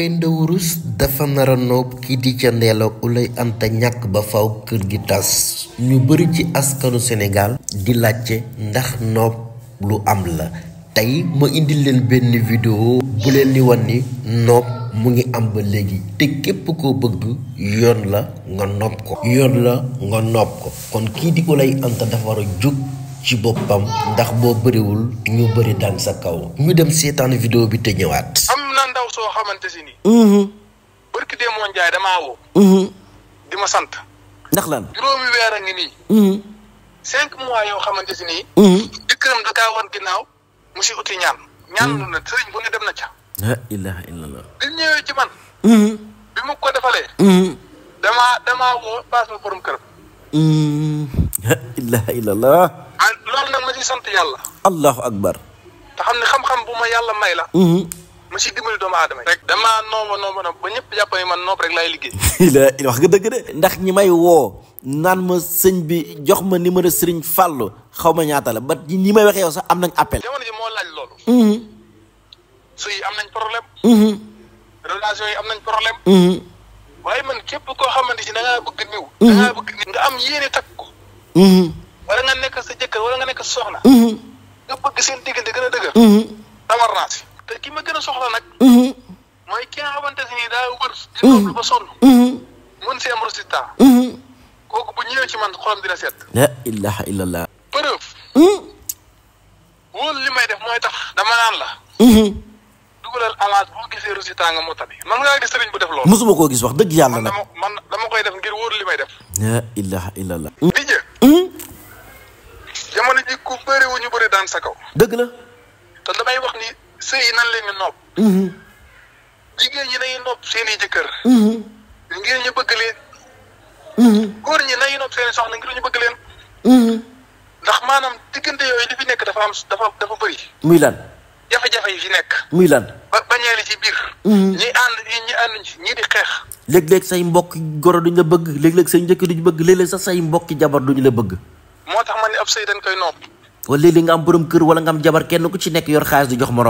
penda wurus dafa nara noob kii di ca ndeela ulay anta ñàkk ba faw kër gi tas ñu bari ci askanu senegal di laajte ndax noob lu am la tey ma indi leen benn vidéo bu leen di ni noob mu ngi am ba léegi te képp ko bëgg yoon la nga nopp ko yoon la nga nopp ko kon kii di ulay anta dafa war a jóg ci boppam ndax boo bëriwul ñu bari daan sa kaw ñu dem seetaan vidéo bi te ñëwaat soo xamante si nii. Mhm. barki dee moo njaay damaa woo. Mhm. di ma sant. ndax lan juróomi weer ngi nii. Mhm. cinq mois yoo xamante si nii. jëkkëram da kaa wan ginnaaw mu si uti ñaan. ñaan na sëriñ bu ne dem na ca. la ilaha illallah. bi ñëwee ci man. bi mu ko defalee. damaa damaa woo paas ma borom këram. la ilaha illallah. ah loolu nag ma si sant yàlla. allahu akbar. te xam xam-xam bu ma yàlla may la. ma si dimbali doomu aadama rek damaa nooma nooma na ba ñëpp jàpp ne man nopp rek laay liggéey la wax nga dëgg de ndax ñi may woo naan ma sëñ bi jox ma numéro sëriñ Fàllu xaw ma ñaata la ba ñi may waxee yow sax am nañ appel jamono ji moo laaj loolu mm-hmm. suy am nañ problème mm-hmm. relation yi am nañ problème mm-hmm. waaye man képp koo xamante si da ngaa bëgg niw da ngaa bëgg niw nga am yéene takk ko wala nga nekk sa jëkkër wala nga nekk sa soxna nga bëgg seen diggante gën a dëgër tawar naa si te ki ma gën a soxla nag. Mhm. mooy ki xamante nii daa wër. di mhm. lu ba mhm. si am résultat. kooku bu ñëwee ci man xolam dina seet. la ilaha illallah. preuve. wóolu li may def mooy tax dama naan la. dugalal alaat boo gisee résultat nga moo tabi man ngaa gis sëriñ bu def loolu. mosuma koo gis wax dëgg yàlla nag man dama koy def ngir woor li may def. la ilaha illallah. Mm. di jë. jamono ji ku bëri wu ñu bëri daan sa kaw. dëgg la. te damay wax ni. sëy yi nan leen di nopp. Mhm. jigéen ñi nay nopp seen i jëkkër. Mhm. ngir ñu bëgg leen. Mhm. góor ñi nay nopp seen i soxna ngir ñu bëgg leen. ndax maanaam diggante yooyu di fi nekk dafa am dafa dafa bëri. muy lan. jafe-jafe yi fi nekk. muy lan. ba bañeeli ci biir. ñi ànd ñi ànd ñii di xeex. léeg-léeg say mbokk goro duñ la bëgg léeg-léeg say njëkk duñ bëgg léeg-léeg sax say mbokki jabar duñ la bëgg. moo tax ma ne ab sëy dañ koy nopp. wala léeg-léeg nga am borom kër wala nga am jabar kenn ku ci nekk yor xaalis du jox moroom.